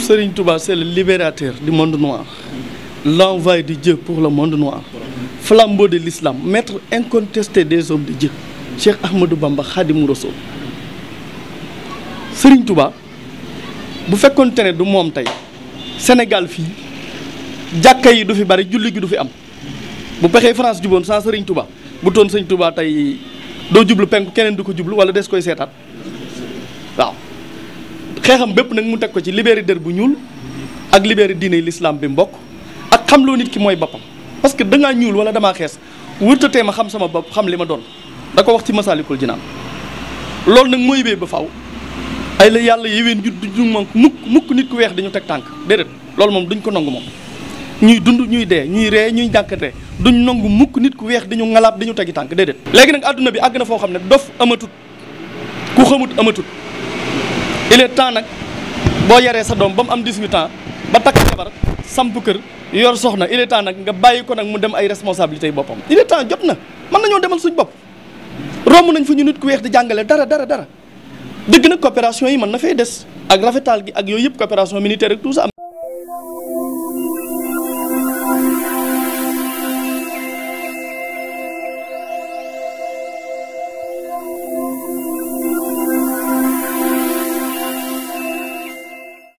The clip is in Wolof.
Serigne tubaa c'est le libérateur di monde noir l'envoyé de Dieu pour le monde noir flambeau de l'islam maître incontesté des hommes de Dieu Cheikh Ahmadou Bamba Khadimou Rassoul Serigne Touba bu fekkoonte ne du moom tey Sénégal fii jàkka yi du fi bari julli gi du fi am bu pexee France juboon saa Serigne Touba bu toon Serigne Touba tey doo jublu penk keneen du ko jublu wala des koy seetaat waaw xeexam bépp nag mu teg ko ci libéré der bu ñuul ak libéré diine l'islam bi mbokk ak xam loo nit ki mooy boppam parce que dangaa ñuul wala damaa xees wërtatee ma xam sama bopp xam li ma doon da ko wax ci Masaalikul Jinaan loolu nag mooy bee ba faw ay la yàlla yéwén ju duñ moom mukk mukk nit ku weex dañu teg tànk déedéet loolu moom duñ ko nangu moom ñuy dund ñuy dee ñuy ree ñuy jànkante duñ nangu mukk nit ku weex dañu ngalaab dañu tegi tànk déedéet léegi nag àdduna bi àgg na foo xam ne dof amatut ku xamut amatut il temps nag boo yaree sa doom ba mu am 18 ans ba takk jabar samp kër yor soxna il est nag nga bàyyi ko nag mu dem ay responsabilités boppam il est jot na mën nañoo demal suñ bopp romb nañ fu ñu nit ku weex di jàngale dara dara dara dëgg nag coopération yi mën na fay des ak rafetal gi ak yooyu yëpp coopération militaire ak tout